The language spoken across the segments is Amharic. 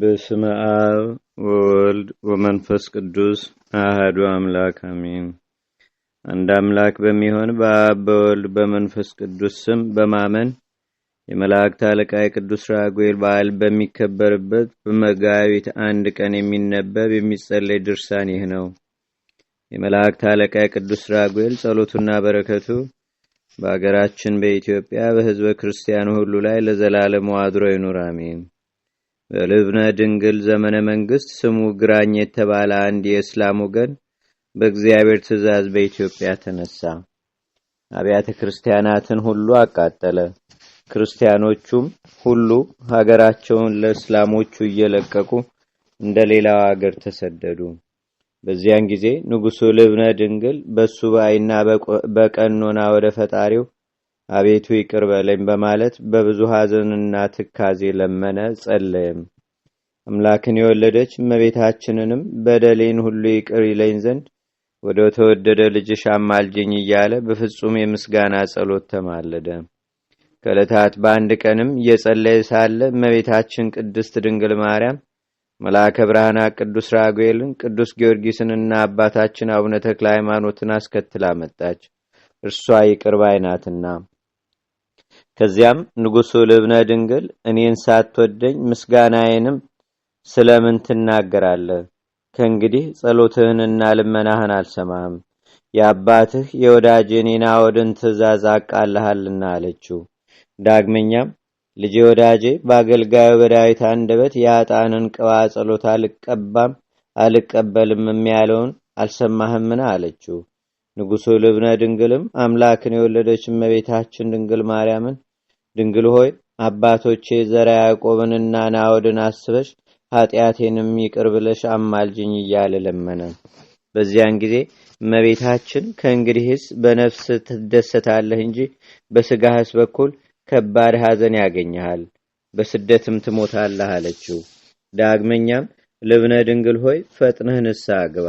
በስመ አብ ወወልድ ወመንፈስ ቅዱስ አህዱ አምላክ አሚን። አንድ አምላክ በሚሆን በአብ በወልድ በመንፈስ ቅዱስ ስም በማመን የመላእክት አለቃ የቅዱስ ራጉኤል በዓል በሚከበርበት በመጋቢት አንድ ቀን የሚነበብ የሚጸለይ ድርሳን ይህ ነው። የመላእክት አለቃ የቅዱስ ራጉኤል ጸሎቱና በረከቱ በአገራችን በኢትዮጵያ በሕዝበ ክርስቲያኑ ሁሉ ላይ ለዘላለም አድሮ ይኑር አሜን። በልብነ ድንግል ዘመነ መንግስት ስሙ ግራኝ የተባለ አንድ የእስላም ወገን በእግዚአብሔር ትእዛዝ በኢትዮጵያ ተነሳ። አብያተ ክርስቲያናትን ሁሉ አቃጠለ። ክርስቲያኖቹም ሁሉ ሀገራቸውን ለእስላሞቹ እየለቀቁ እንደ ሌላው አገር ተሰደዱ። በዚያን ጊዜ ንጉሱ ልብነ ድንግል በሱ ባይና በቀኖና ወደ ፈጣሪው አቤቱ ይቅር በለኝ በማለት በብዙ ሐዘንና ትካዜ ለመነ፣ ጸለየም። አምላክን የወለደች እመቤታችንንም በደሌን ሁሉ ይቅር ይለኝ ዘንድ ወደ ተወደደ ልጅሽ አማልጅኝ እያለ በፍጹም የምስጋና ጸሎት ተማለደ። ከዕለታት በአንድ ቀንም እየጸለየ ሳለ እመቤታችን ቅድስት ድንግል ማርያም መልአከ ብርሃና ቅዱስ ራጉኤልን፣ ቅዱስ ጊዮርጊስንና አባታችን አቡነ ተክለ ሃይማኖትን አስከትላ መጣች። እርሷ ይቅር ባይ ናትና ከዚያም ንጉሡ ልብነ ድንግል እኔን ሳትወደኝ ምስጋናዬንም ስለምን ትናገራለህ? ከእንግዲህ ጸሎትህንና ልመናህን አልሰማህም፣ የአባትህ የወዳጅን የናወድን ትእዛዝ አቃልሃልና አለችው። ዳግመኛም ልጄ ወዳጄ በአገልጋዩ በዳዊት አንደበት የአጣንን ቅባ ጸሎት አልቀባም አልቀበልም የሚያለውን አልሰማህምን? አለችው። ንጉሡ ልብነ ድንግልም አምላክን የወለደች እመቤታችን ድንግል ማርያምን ድንግል ሆይ አባቶቼ ዘራ ያዕቆብንና ናወድን አስበሽ ኃጢአቴንም ይቅር ብለሽ አማልጅኝ እያለ ለመነ። በዚያን ጊዜ እመቤታችን ከእንግዲህስ በነፍስ ትደሰታለህ እንጂ በስጋህስ በኩል ከባድ ሐዘን ያገኘሃል፣ በስደትም ትሞታለህ አለችው። ዳግመኛም ልብነ ድንግል ሆይ ፈጥነህ ንሳ ግባ፣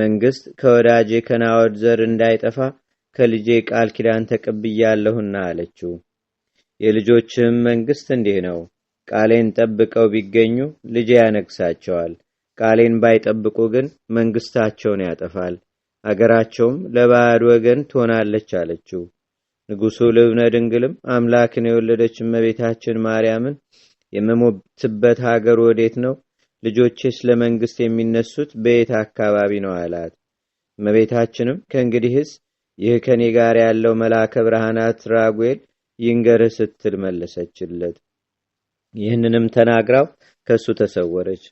መንግሥት ከወዳጄ ከናወድ ዘር እንዳይጠፋ ከልጄ ቃል ኪዳን ተቀብያለሁና አለችው። የልጆችም መንግሥት እንዲህ ነው። ቃሌን ጠብቀው ቢገኙ ልጄ ያነግሳቸዋል። ቃሌን ባይጠብቁ ግን መንግሥታቸውን ያጠፋል፣ አገራቸውም ለባዕድ ወገን ትሆናለች አለችው። ንጉሡ ልብነ ድንግልም አምላክን የወለደች እመቤታችን ማርያምን የመሞትበት ሀገር ወዴት ነው? ልጆቼስ ለመንግሥት የሚነሱት በየት አካባቢ ነው አላት። እመቤታችንም ከእንግዲህስ ይህ ከኔ ጋር ያለው መልአከ ብርሃናት ራጉኤል ይንገርህ ስትል መለሰችለት። ይህንንም ተናግራው ከሱ ተሰወረች።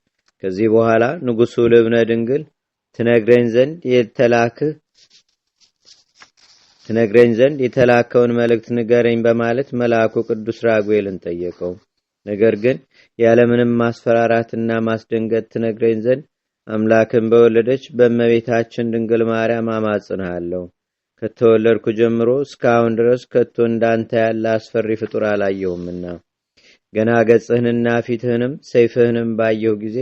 ከዚህ በኋላ ንጉሱ ልብነ ድንግል ትነግረኝ ዘንድ የተላክህ ትነግረኝ ዘንድ የተላከውን መልእክት ንገረኝ በማለት መልአኩ ቅዱስ ራጉኤልን ጠየቀው። ነገር ግን ያለምንም ማስፈራራትና ማስደንገጥ ትነግረኝ ዘንድ አምላክን በወለደች በመቤታችን ድንግል ማርያም አማጽንሃለሁ። ከተወለድኩ ጀምሮ እስካሁን ድረስ ከቶ እንዳንተ ያለ አስፈሪ ፍጡር አላየሁምና ገና ገጽህንና ፊትህንም ሰይፍህንም ባየሁ ጊዜ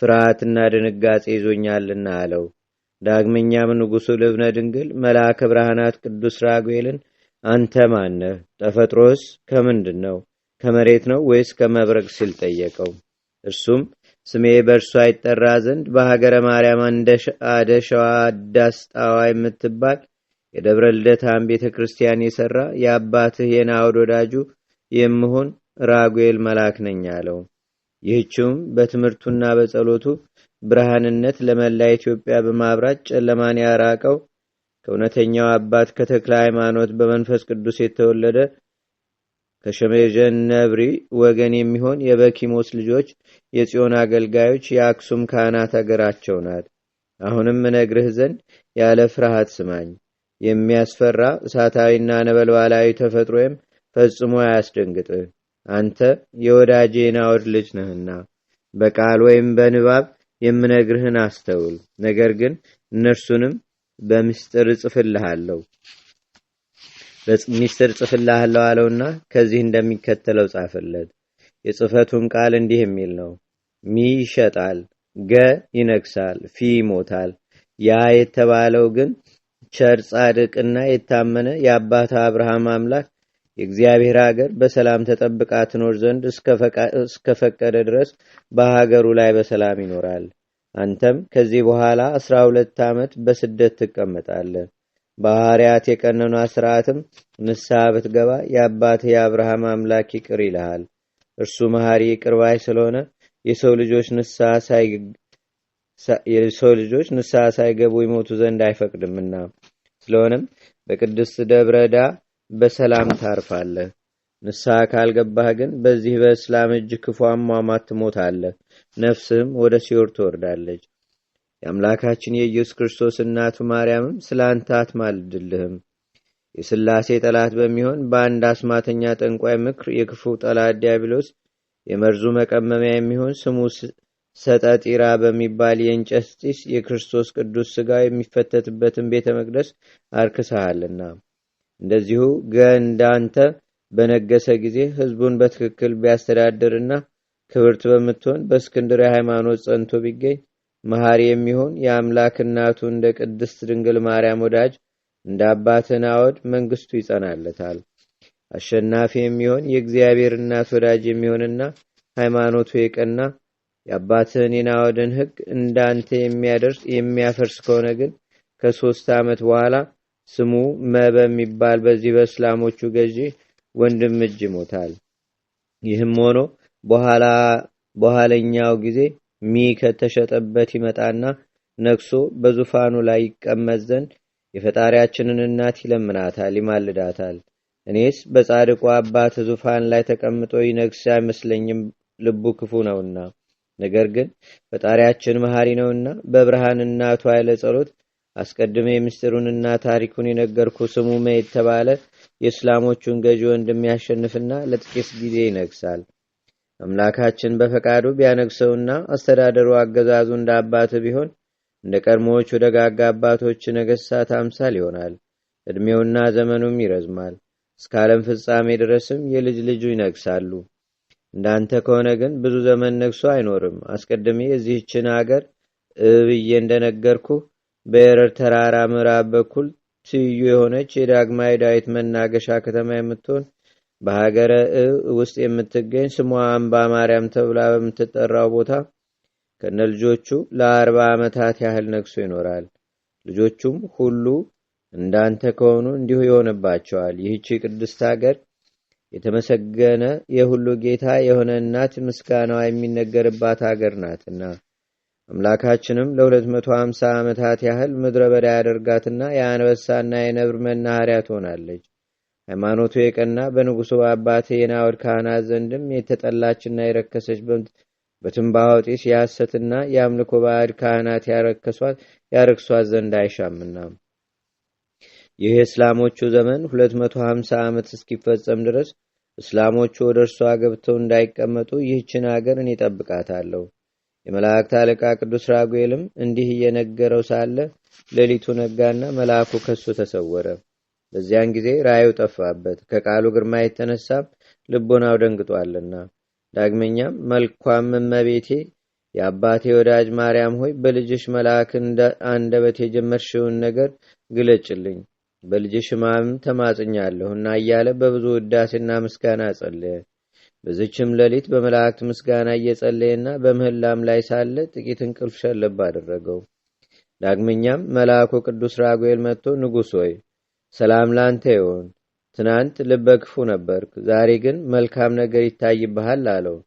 ፍርሃትና ድንጋጼ ይዞኛልና አለው። ዳግመኛም ንጉሡ ልብነ ድንግል መልአከ ብርሃናት ቅዱስ ራጉኤልን አንተ ማነህ? ተፈጥሮስ ከምንድን ነው? ከመሬት ነው ወይስ ከመብረቅ ሲል ጠየቀው። እርሱም ስሜ በእርሷ ይጠራ ዘንድ በሀገረ ማርያም አደሸዋ አዳስጣዋ የምትባል የደብረ ልደታን ቤተ ክርስቲያን የሠራ የአባትህ የናወድ ወዳጁ የምሆን ራጉኤል መልአክ ነኝ አለው። ይህችውም በትምህርቱና በጸሎቱ ብርሃንነት ለመላ ኢትዮጵያ በማብራት ጨለማን ያራቀው ከእውነተኛው አባት ከተክለ ሃይማኖት በመንፈስ ቅዱስ የተወለደ ከሸሜጀን ነብሪ ወገን የሚሆን የበኪሞስ ልጆች የጽዮን አገልጋዮች የአክሱም ካህናት አገራቸው ናት። አሁንም እነግርህ ዘንድ ያለ ፍርሃት ስማኝ። የሚያስፈራ እሳታዊና ነበልባላዊ ተፈጥሮም ፈጽሞ አያስደንግጥ። አንተ የወዳጄ ናዖድ ልጅ ነህና በቃል ወይም በንባብ የምነግርህን አስተውል። ነገር ግን እነርሱንም በምስጥር ጽፍልሃለሁ በሚስጥር ጽፍልሃለሁ አለውና ከዚህ እንደሚከተለው ጻፍለት የጽህፈቱን ቃል እንዲህ የሚል ነው። ሚ ይሸጣል፣ ገ ይነግሳል፣ ፊ ይሞታል። ያ የተባለው ግን ቸር ጻድቅና የታመነ የአባት አብርሃም አምላክ የእግዚአብሔር ሀገር በሰላም ተጠብቃ ትኖር ዘንድ እስከፈቀደ ድረስ በሀገሩ ላይ በሰላም ይኖራል። አንተም ከዚህ በኋላ አስራ ሁለት ዓመት በስደት ትቀመጣለህ። ባህርያት የቀነኗ ስርዓትም ንስሐ ብትገባ የአባት የአብርሃም አምላክ ይቅር ይልሃል። እርሱ መሐሪ ይቅር ባይ ስለሆነ የሰው ልጆች ንስሐ የሰው ልጆች ንስሐ ሳይገቡ ይሞቱ ዘንድ አይፈቅድምና። ስለሆነም በቅድስት ደብረ ዳ በሰላም ታርፋለህ። ንስሐ ካልገባህ ግን በዚህ በእስላም እጅ ክፉ አሟሟት ትሞታለህ፣ ነፍስህም ወደ ሲዮር ትወርዳለች። የአምላካችን የኢየሱስ ክርስቶስ እናቱ ማርያምም ስለ አንተ አትማልድልህም። የስላሴ ጠላት በሚሆን በአንድ አስማተኛ ጠንቋይ ምክር የክፉ ጠላት ዲያብሎስ የመርዙ መቀመሚያ የሚሆን ስሙ ሰጠጢራ በሚባል የእንጨት ጢስ የክርስቶስ ቅዱስ ሥጋ የሚፈተትበትን ቤተ መቅደስ አርክሰሃልና እንደዚሁ ገንዳንተ በነገሰ ጊዜ ህዝቡን በትክክል ቢያስተዳድርና ክብርት በምትሆን በእስክንድር ሃይማኖት ጸንቶ ቢገኝ መሐሪ የሚሆን የአምላክ እናቱ እንደ ቅድስት ድንግል ማርያም ወዳጅ እንደ አባትን አወድ መንግስቱ ይጸናለታል። አሸናፊ የሚሆን የእግዚአብሔር እናት ወዳጅ የሚሆንና ሃይማኖቱ የቀና የአባትህን የናወድን ህግ እንዳንተ የሚያደርስ የሚያፈርስ ከሆነ ግን ከሶስት ዓመት በኋላ ስሙ መ በሚባል በዚህ በእስላሞቹ ገዢ ወንድም እጅ ይሞታል። ይህም ሆኖ በኋለኛው ጊዜ ሚ ከተሸጠበት ይመጣና ነግሶ በዙፋኑ ላይ ይቀመጥ ዘንድ የፈጣሪያችንን እናት ይለምናታል፣ ይማልዳታል። እኔስ በጻድቁ አባት ዙፋን ላይ ተቀምጦ ይነግስ አይመስለኝም፣ ልቡ ክፉ ነውና ነገር ግን ፈጣሪያችን መሐሪ ነውና በብርሃን እናቱ ኃይለ ጸሎት አስቀድሜ ምስጢሩንና ታሪኩን የነገርኩ ስሙ መ የተባለ የእስላሞቹን ገዢ ወንድም ያሸንፍና ለጥቂት ጊዜ ይነግሳል። አምላካችን በፈቃዱ ቢያነግሰውና አስተዳደሩ አገዛዙ እንደ አባት ቢሆን እንደ ቀድሞዎቹ ደጋጋ አባቶች ነገሳት አምሳል ይሆናል። ዕድሜውና ዘመኑም ይረዝማል። እስከ ዓለም ፍጻሜ ድረስም የልጅ ልጁ ይነግሳሉ። እንዳንተ ከሆነ ግን ብዙ ዘመን ነግሶ አይኖርም። አስቀድሜ የዚህችን አገር እብዬ እንደነገርኩ በኤረር ተራራ ምዕራብ በኩል ትዩ የሆነች የዳግማዊ ዳዊት መናገሻ ከተማ የምትሆን በሀገረ ውስጥ የምትገኝ ስሟ አምባ ማርያም ተብላ በምትጠራው ቦታ ከነ ልጆቹ ለአርባ ዓመታት ያህል ነግሶ ይኖራል። ልጆቹም ሁሉ እንዳንተ ከሆኑ እንዲሁ ይሆንባቸዋል። ይህቺ ቅድስት ሀገር የተመሰገነ የሁሉ ጌታ የሆነ እናት ምስጋናዋ የሚነገርባት አገር ናትና አምላካችንም ለ250 ዓመታት ያህል ምድረ በዳ ያደርጋትና የአንበሳና የነብር መናኸሪያ ትሆናለች። ሃይማኖቱ የቀና በንጉሱ አባቴ የናወድ ካህናት ዘንድም የተጠላችና የረከሰች በትንባሆ ጢስ የሐሰትና የአምልኮ ባዕድ ካህናት ያረክሷት ዘንድ አይሻምና ይህ የእስላሞቹ ዘመን 250 ዓመት እስኪፈጸም ድረስ እስላሞቹ ወደ እርሷ ገብተው እንዳይቀመጡ ይህችን አገር እኔ ጠብቃታለሁ። የመላእክት አለቃ ቅዱስ ራጉኤልም እንዲህ እየነገረው ሳለ ሌሊቱ ነጋና መልአኩ ከሱ ተሰወረ። በዚያን ጊዜ ራእዩ ጠፋበት፣ ከቃሉ ግርማ የተነሳም ልቦናው ደንግጧልና። ዳግመኛም መልኳም እመቤቴ የአባቴ ወዳጅ ማርያም ሆይ በልጅሽ መልአክ አንደበት የጀመርሽውን ነገር ግለጭልኝ በልጅ ሽማም ተማጽኛለሁና እያለ በብዙ ውዳሴና ምስጋና ጸለየ። በዝችም ሌሊት በመላእክት ምስጋና እየጸለየና በምህላም ላይ ሳለ ጥቂት እንቅልፍ ሸለብ አደረገው። ዳግመኛም መልአኩ ቅዱስ ራጉኤል መጥቶ ንጉሥ ሆይ ሰላም ላንተ ይሆን። ትናንት ልበ ክፉ ነበርክ፣ ዛሬ ግን መልካም ነገር ይታይብሃል አለው።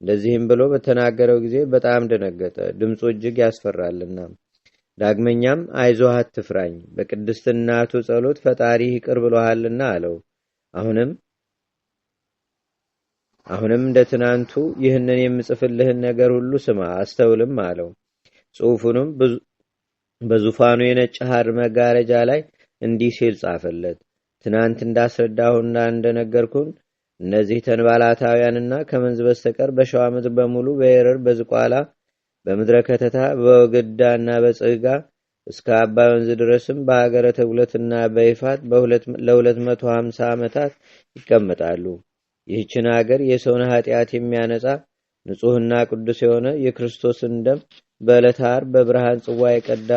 እንደዚህም ብሎ በተናገረው ጊዜ በጣም ደነገጠ፣ ድምፁ እጅግ ያስፈራልና። ዳግመኛም አይዞህ አትፍራኝ፣ በቅድስት እናቱ ጸሎት ፈጣሪ ይቅር ብሎሃልና አለው። አሁንም አሁንም እንደ ትናንቱ ይህንን የምጽፍልህን ነገር ሁሉ ስማ አስተውልም አለው። ጽሑፉንም በዙፋኑ የነጭ ሐር መጋረጃ ላይ እንዲህ ሲል ጻፈለት። ትናንት እንዳስረዳሁና እንደነገርኩን እነዚህ ተንባላታውያንና ከመንዝ በስተቀር በሸዋ ምድር በሙሉ በየረር በዝቋላ በምድረ ከተታ በወግዳና በጽጋ እስከ አባ ወንዝ ድረስም በሀገረ ተጉለትና በይፋት ለ250 ዓመታት ይቀመጣሉ። ይህችን አገር የሰውን ኃጢአት የሚያነጻ ንጹሕና ቅዱስ የሆነ የክርስቶስን ደም በዕለተ ዓርብ በብርሃን ጽዋ የቀዳ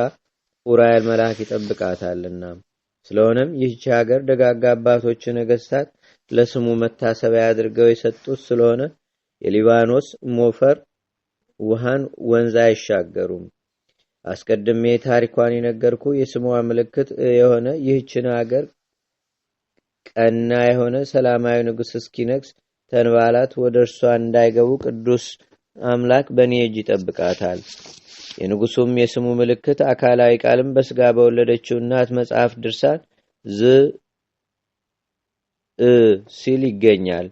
ዑራኤል መልአክ ይጠብቃታልና። ስለሆነም ይህች አገር ደጋጋ አባቶች ነገሥታት ለስሙ መታሰቢያ አድርገው የሰጡት ስለሆነ የሊባኖስ ሞፈር ውሃን ወንዝ አይሻገሩም። አስቀድሜ ታሪኳን የነገርኩ የስሟ ምልክት የሆነ ይህችን አገር ቀና የሆነ ሰላማዊ ንጉሥ እስኪነግስ ተንባላት ወደ እርሷ እንዳይገቡ ቅዱስ አምላክ በእኔ እጅ ይጠብቃታል። የንጉሱም የስሙ ምልክት አካላዊ ቃልም በስጋ በወለደችው እናት መጽሐፍ ድርሳን ዝ እ ሲል ይገኛል።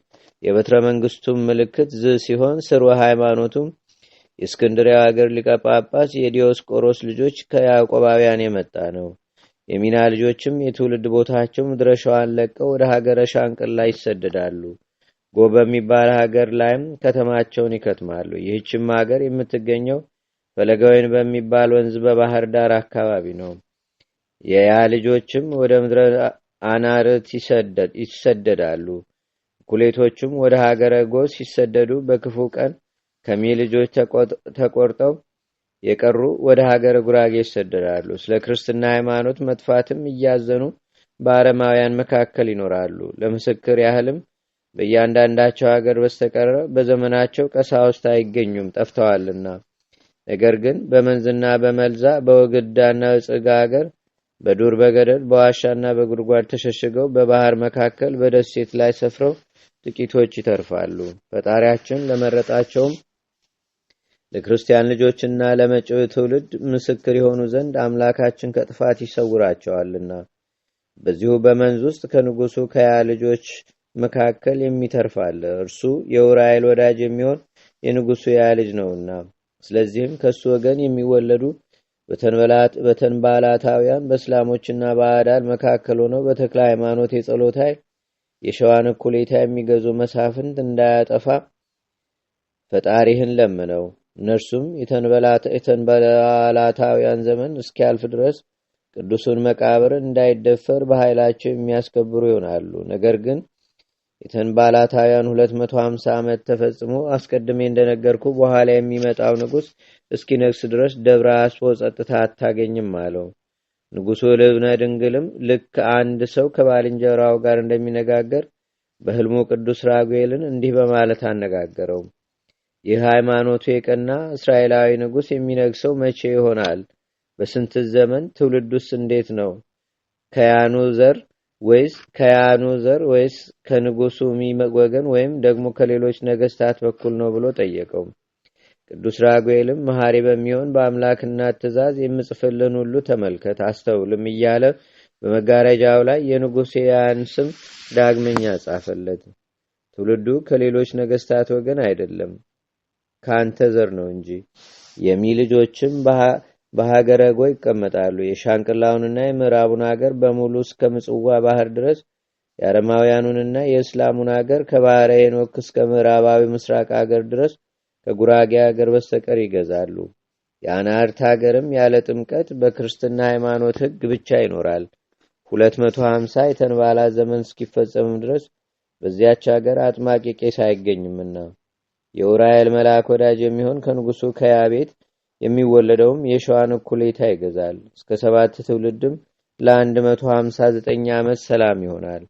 የበትረ መንግስቱም ምልክት ዝ ሲሆን ስርወ ሃይማኖቱም የእስክንድሪያ አገር ሊቀ ጳጳስ የዲዮስቆሮስ ልጆች ከያዕቆባውያን የመጣ ነው። የሚና ልጆችም የትውልድ ቦታቸው ምድረ ሸዋን ለቀው ወደ ሀገረ ሻንቅላ ይሰደዳሉ። ጎ በሚባል ሀገር ላይም ከተማቸውን ይከትማሉ። ይህችም ሀገር የምትገኘው ፈለጋዊን በሚባል ወንዝ በባህር ዳር አካባቢ ነው። የያ ልጆችም ወደ ምድረ አናርት ይሰደዳሉ። ኩሌቶቹም ወደ ሀገረ ጎስ ሲሰደዱ በክፉ ቀን ከሚ ልጆች ተቆርጠው የቀሩ ወደ ሀገር ጉራጌ ይሰደዳሉ። ስለ ክርስትና ሃይማኖት መጥፋትም እያዘኑ በአረማውያን መካከል ይኖራሉ። ለምስክር ያህልም በእያንዳንዳቸው ሀገር በስተቀረ በዘመናቸው ቀሳውስት አይገኙም ጠፍተዋልና። ነገር ግን በመንዝና በመልዛ በወግዳና በጽጋ ሀገር በዱር በገደል በዋሻና በጉድጓድ ተሸሽገው በባህር መካከል በደሴት ላይ ሰፍረው ጥቂቶች ይተርፋሉ። ፈጣሪያችን ለመረጣቸውም ለክርስቲያን ልጆችና ለመጪው ትውልድ ምስክር የሆኑ ዘንድ አምላካችን ከጥፋት ይሰውራቸዋልና በዚሁ በመንዝ ውስጥ ከንጉሱ ከያ ልጆች መካከል የሚተርፋል እርሱ የውራይል ወዳጅ የሚሆን የንጉሱ ያ ልጅ ነውና ስለዚህም ከእሱ ወገን የሚወለዱ በተንባላታውያን በእስላሞችና በአዳል መካከል ሆነው በተክለ ሃይማኖት የጸሎታይ የሸዋን እኩሌታ የሚገዙ መሳፍንት እንዳያጠፋ ፈጣሪህን ለምነው እነርሱም የተንበላታውያን ዘመን እስኪያልፍ ድረስ ቅዱሱን መቃብር እንዳይደፈር በኃይላቸው የሚያስከብሩ ይሆናሉ። ነገር ግን የተንባላታውያን 250 ዓመት ተፈጽሞ አስቀድሜ እንደነገርኩ በኋላ የሚመጣው ንጉሥ እስኪነግስ ድረስ ደብረ አስቦ ጸጥታ አታገኝም አለው። ንጉሡ ልብነ ድንግልም ልክ አንድ ሰው ከባልንጀራው ጋር እንደሚነጋገር በሕልሙ ቅዱስ ራጉኤልን እንዲህ በማለት አነጋገረው። ይህ ሃይማኖቱ የቀና እስራኤላዊ ንጉሥ የሚነግሰው መቼ ይሆናል? በስንት ዘመን? ትውልዱስ እንዴት ነው? ከያኑ ዘር ወይስ ከያኑ ዘር ወይስ ከንጉሱ ወገን ወይም ደግሞ ከሌሎች ነገስታት በኩል ነው ብሎ ጠየቀው። ቅዱስ ራጉኤልም መሐሪ በሚሆን በአምላክና ትእዛዝ የምጽፍልን ሁሉ ተመልከት አስተውልም እያለ በመጋረጃው ላይ የንጉሥ የያን ስም ዳግመኛ ጻፈለት። ትውልዱ ከሌሎች ነገስታት ወገን አይደለም ከአንተ ዘር ነው እንጂ የሚ ልጆችም በሀገረ ጎ ይቀመጣሉ። የሻንቅላውንና የምዕራቡን ሀገር በሙሉ እስከ ምጽዋ ባህር ድረስ የአረማውያኑንና የእስላሙን ሀገር ከባህረ ሄኖክ እስከ ምዕራባዊ ምስራቅ ሀገር ድረስ ከጉራጌ ሀገር በስተቀር ይገዛሉ። የአናርት ሀገርም ያለ ጥምቀት በክርስትና ሃይማኖት ህግ ብቻ ይኖራል። 250 የተንባላ ዘመን እስኪፈጸምም ድረስ በዚያች ሀገር አጥማቂ ቄስ አይገኝምና የኡራኤል መልአክ ወዳጅ የሚሆን ከንጉሱ ከያ ቤት የሚወለደውም የሸዋን እኩሌታ ይገዛል። እስከ ሰባት ትውልድም ለ159 ዓመት ሰላም ይሆናል።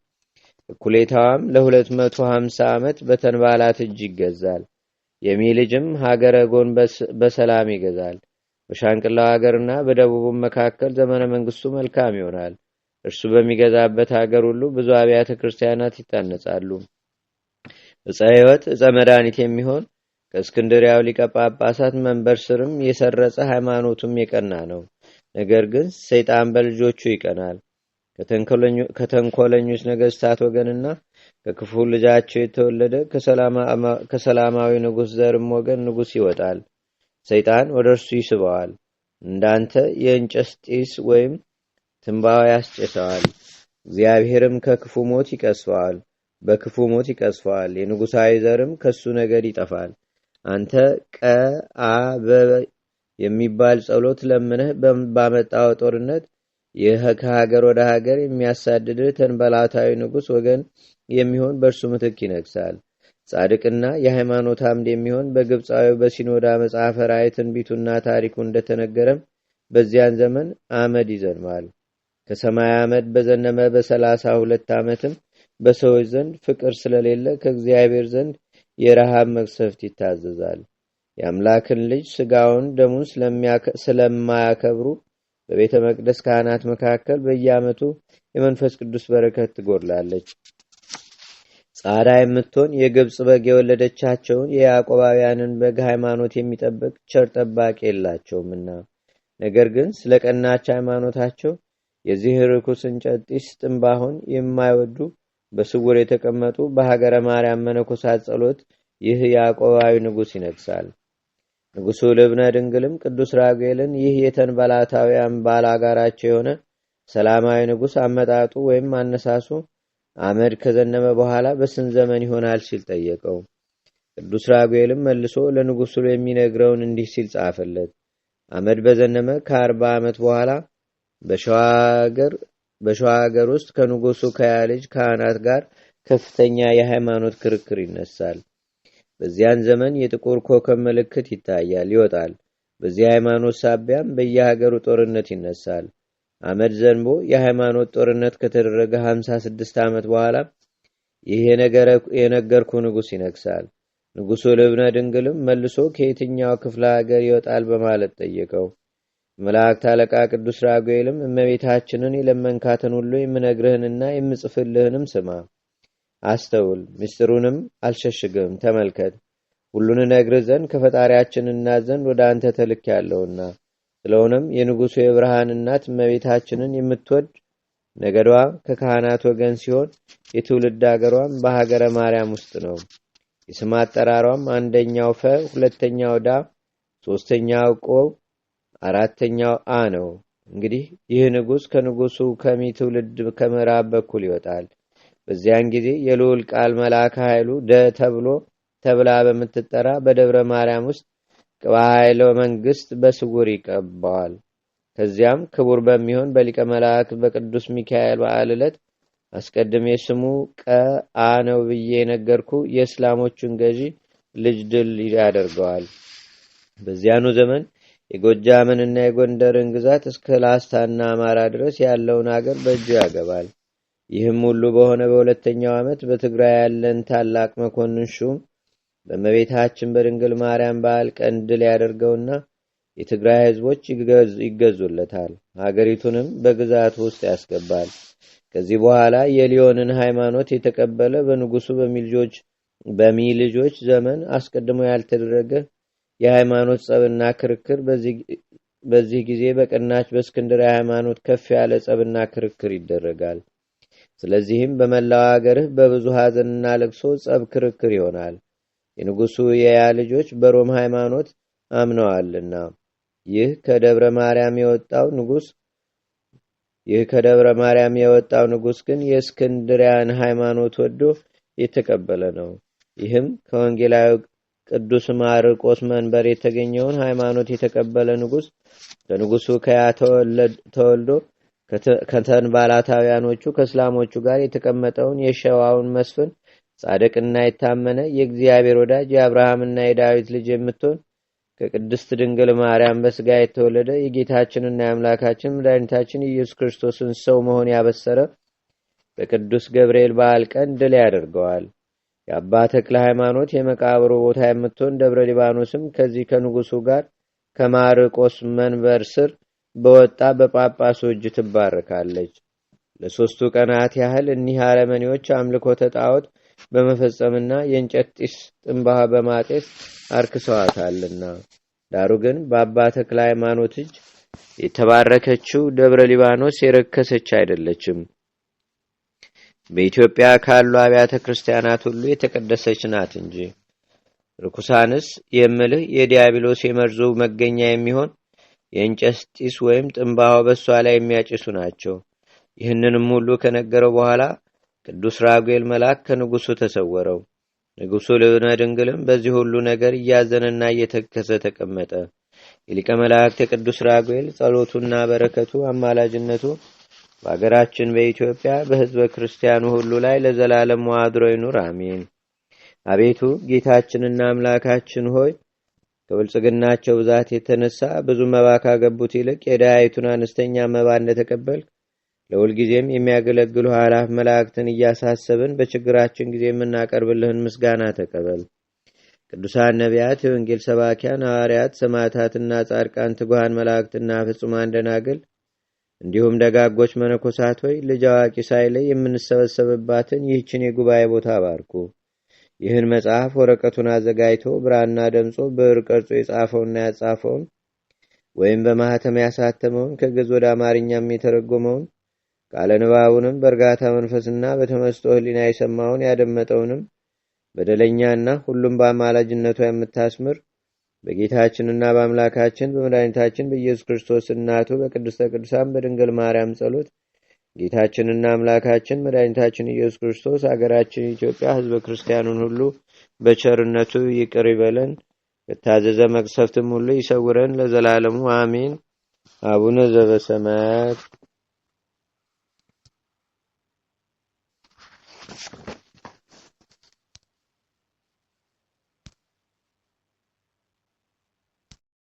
እኩሌታዋም ለ250 ዓመት በተንባላት እጅ ይገዛል። የሚ ልጅም ሀገረ ጎን በሰላም ይገዛል። በሻንቅላው ሀገርና በደቡቡም መካከል ዘመነ መንግስቱ መልካም ይሆናል። እርሱ በሚገዛበት ሀገር ሁሉ ብዙ አብያተ ክርስቲያናት ይታነጻሉ። ዕፀ ህይወት እፀ መድኃኒት የሚሆን ከእስክንድሪያው ሊቀ ጳጳሳት መንበር ስርም የሰረጸ ሃይማኖቱም የቀና ነው። ነገር ግን ሰይጣን በልጆቹ ይቀናል። ከተንኮለኞች ነገስታት ወገንና ከክፉ ልጃቸው የተወለደ ከሰላማዊ ንጉሥ ዘርም ወገን ንጉሥ ይወጣል። ሰይጣን ወደ እርሱ ይስበዋል። እንዳንተ የእንጨት ጢስ ወይም ትንባዋ ያስጨሰዋል። እግዚአብሔርም ከክፉ ሞት ይቀስፈዋል። በክፉ ሞት ይቀስፈዋል። የንጉሣዊ ዘርም ከሱ ነገድ ይጠፋል። አንተ ቀአበ የሚባል ጸሎት ለምነህ ባመጣው ጦርነት ይህ ከሀገር ወደ ሀገር የሚያሳድድህ ተንበላታዊ ንጉሥ ወገን የሚሆን በእርሱ ምትክ ይነግሳል። ጻድቅና የሃይማኖት አምድ የሚሆን በግብፃዊ በሲኖዳ መጽሐፈ ራእይ ትንቢቱና ታሪኩ እንደተነገረም በዚያን ዘመን አመድ ይዘንማል። ከሰማይ አመድ በዘነመ በሰላሳ ሁለት ዓመትም በሰዎች ዘንድ ፍቅር ስለሌለ ከእግዚአብሔር ዘንድ የረሃብ መቅሰፍት ይታዘዛል። የአምላክን ልጅ ስጋውን ደሙን ስለማያከብሩ በቤተ መቅደስ ካህናት መካከል በየዓመቱ የመንፈስ ቅዱስ በረከት ትጎድላለች። ጻዳ የምትሆን የግብፅ በግ የወለደቻቸውን የያዕቆባውያንን በግ ሃይማኖት የሚጠብቅ ቸር ጠባቂ የላቸውምና፣ ነገር ግን ስለ ቀናች ሃይማኖታቸው የዚህ ርኩስ እንጨት ጢስ ጥምባሆን የማይወዱ በስውር የተቀመጡ በሀገረ ማርያም መነኮሳት ጸሎት ይህ ያዕቆባዊ ንጉሥ ይነግሳል። ንጉሡ ልብነ ድንግልም ቅዱስ ራጉኤልን ይህ የተንበላታውያን ባላጋራቸው የሆነ ሰላማዊ ንጉሥ አመጣጡ ወይም አነሳሱ አመድ ከዘነበ በኋላ በስንት ዘመን ይሆናል ሲል ጠየቀው። ቅዱስ ራጉኤልም መልሶ ለንጉሡ የሚነግረውን እንዲህ ሲል ጻፈለት። አመድ በዘነመ ከአርባ ዓመት በኋላ በሸዋ አገር በሸዋ ሀገር ውስጥ ከንጉሱ ከያ ልጅ ካህናት ጋር ከፍተኛ የሃይማኖት ክርክር ይነሳል። በዚያን ዘመን የጥቁር ኮከብ ምልክት ይታያል፣ ይወጣል። በዚህ ሃይማኖት ሳቢያም በየሀገሩ ጦርነት ይነሳል። አመድ ዘንቦ የሃይማኖት ጦርነት ከተደረገ 56 ዓመት በኋላ ይህ የነገርኩ ንጉሥ ይነግሳል። ንጉሱ ልብነ ድንግልም መልሶ ከየትኛው ክፍለ ሀገር ይወጣል በማለት ጠየቀው። መላእክት አለቃ ቅዱስ ራጉኤልም እመቤታችንን የለመንካትን ሁሉ የምነግርህንና የምጽፍልህንም ስማ፣ አስተውል፣ ምስጢሩንም አልሸሽግም፣ ተመልከት። ሁሉን እነግርህ ዘንድ ከፈጣሪያችን እናት ዘንድ ወደ አንተ ተልክ ያለውና ስለሆነም የንጉሱ የብርሃን እናት እመቤታችንን የምትወድ ነገዷ ከካህናት ወገን ሲሆን የትውልድ አገሯም በሀገረ ማርያም ውስጥ ነው። የስም አጠራሯም አንደኛው ፈ፣ ሁለተኛው ዳ፣ ሶስተኛው ቆብ አራተኛው አ ነው። እንግዲህ ይህ ንጉሥ ከንጉሡ ከሚ ትውልድ ከምዕራብ በኩል ይወጣል። በዚያን ጊዜ የልዑል ቃል መልአከ ኃይሉ ደ ተብሎ ተብላ በምትጠራ በደብረ ማርያም ውስጥ ቅባ መንግስት በስጉር በስውር ይቀባዋል። ከዚያም ክቡር በሚሆን በሊቀ መላእክት በቅዱስ ሚካኤል በዓል ዕለት አስቀድሜ ስሙ ቀ አ ነው ብዬ የነገርኩ የእስላሞቹን ገዢ ልጅ ድል ያደርገዋል። በዚያኑ ዘመን የጎጃምንና የጎንደርን ግዛት እስከ ላስታና አማራ ድረስ ያለውን አገር በእጁ ያገባል። ይህም ሁሉ በሆነ በሁለተኛው ዓመት በትግራይ ያለን ታላቅ መኮንን ሹም በእመቤታችን በድንግል ማርያም በዓል ቀን ድል ያደርገውና የትግራይ ሕዝቦች ይገዙለታል። ሀገሪቱንም በግዛቱ ውስጥ ያስገባል። ከዚህ በኋላ የሊዮንን ሃይማኖት የተቀበለ በንጉሱ በሚልጆች ዘመን አስቀድሞ ያልተደረገ የሃይማኖት ጸብና ክርክር በዚህ ጊዜ በቀናች በእስክንድር ሃይማኖት ከፍ ያለ ጸብና ክርክር ይደረጋል። ስለዚህም በመላው አገርህ በብዙ ሀዘንና ለቅሶ ጸብ ክርክር ይሆናል። የንጉሱ የያ ልጆች በሮም ሃይማኖት አምነዋልና ይህ ከደብረ ማርያም የወጣው ንጉስ ይህ ከደብረ ማርያም የወጣው ንጉስ ግን የእስክንድሪያን ሃይማኖት ወዶ የተቀበለ ነው። ይህም ከወንጌላዊ ቅዱስ ማርቆስ መንበር የተገኘውን ሃይማኖት የተቀበለ ንጉሥ ከንጉሡ ከያ ተወልዶ ከተንባላታውያኖቹ ከእስላሞቹ ጋር የተቀመጠውን የሸዋውን መስፍን ጻድቅና የታመነ የእግዚአብሔር ወዳጅ የአብርሃምና የዳዊት ልጅ የምትሆን ከቅድስት ድንግል ማርያም በስጋ የተወለደ የጌታችንና የአምላካችን መድኃኒታችን ኢየሱስ ክርስቶስን ሰው መሆን ያበሰረ በቅዱስ ገብርኤል በዓል ቀን ድል ያደርገዋል። የአባ ተክለ ሃይማኖት የመቃብሩ ቦታ የምትሆን ደብረ ሊባኖስም ከዚህ ከንጉሱ ጋር ከማርቆስ መንበር ስር በወጣ በጳጳሱ እጅ ትባረካለች። ለሦስቱ ቀናት ያህል እኒህ አረመኔዎች አምልኮ ጣዖት በመፈጸምና የእንጨት ጢስ ጥንባሃ በማጤስ አርክሰዋታልና፣ ዳሩ ግን በአባ ተክለ ሃይማኖት እጅ የተባረከችው ደብረ ሊባኖስ የረከሰች አይደለችም። በኢትዮጵያ ካሉ አብያተ ክርስቲያናት ሁሉ የተቀደሰች ናት እንጂ። ርኩሳንስ የምልህ የዲያብሎስ የመርዙ መገኛ የሚሆን የእንጨት ጢስ ወይም ጥንባሆ በሷ ላይ የሚያጭሱ ናቸው። ይህንንም ሁሉ ከነገረው በኋላ ቅዱስ ራጉኤል መልአክ ከንጉሡ ተሰወረው። ንጉሡ ልብነ ድንግልም በዚህ ሁሉ ነገር እያዘነና እየተከሰ ተቀመጠ። የሊቀ መላእክት የቅዱስ ራጉኤል ጸሎቱና በረከቱ አማላጅነቱ በአገራችን በኢትዮጵያ በህዝበ ክርስቲያኑ ሁሉ ላይ ለዘላለም ዋድሮ ይኑር፣ አሜን። አቤቱ ጌታችንና አምላካችን ሆይ ከብልጽግናቸው ብዛት የተነሳ ብዙ መባ ካገቡት ይልቅ የዳያይቱን አነስተኛ መባ እንደተቀበል ለሁልጊዜም የሚያገለግሉ ኃላፍ መላእክትን እያሳሰብን በችግራችን ጊዜ የምናቀርብልህን ምስጋና ተቀበል። ቅዱሳን ነቢያት፣ የወንጌል ሰባኪያን ሐዋርያት፣ ሰማዕታትና ጻድቃን፣ ትጉሃን መላእክትና ፍጹማን ደናግል እንዲሁም ደጋጎች መነኮሳት ሆይ ልጅ አዋቂ ሳይለይ የምንሰበሰብባትን ይህችን የጉባኤ ቦታ ባርኩ። ይህን መጽሐፍ ወረቀቱን አዘጋጅቶ ብራና ደምጾ ብዕር ቀርጾ የጻፈውና ያጻፈውን ወይም በማህተም ያሳተመውን ከግዕዝ ወደ አማርኛም የተረጎመውን ቃለ ንባቡንም በእርጋታ መንፈስና በተመስጦ ሕሊና የሰማውን ያደመጠውንም በደለኛና ሁሉም በአማላጅነቷ የምታስምር በጌታችንና በአምላካችን በመድኃኒታችን በኢየሱስ ክርስቶስ እናቱ በቅድስተ ቅዱሳን በድንግል ማርያም ጸሎት ጌታችንና አምላካችን መድኃኒታችን ኢየሱስ ክርስቶስ አገራችን ኢትዮጵያ ሕዝበ ክርስቲያኑን ሁሉ በቸርነቱ ይቅር ይበለን፣ ከታዘዘ መቅሰፍትም ሁሉ ይሰውረን ለዘላለሙ አሜን። አቡነ ዘበሰማያት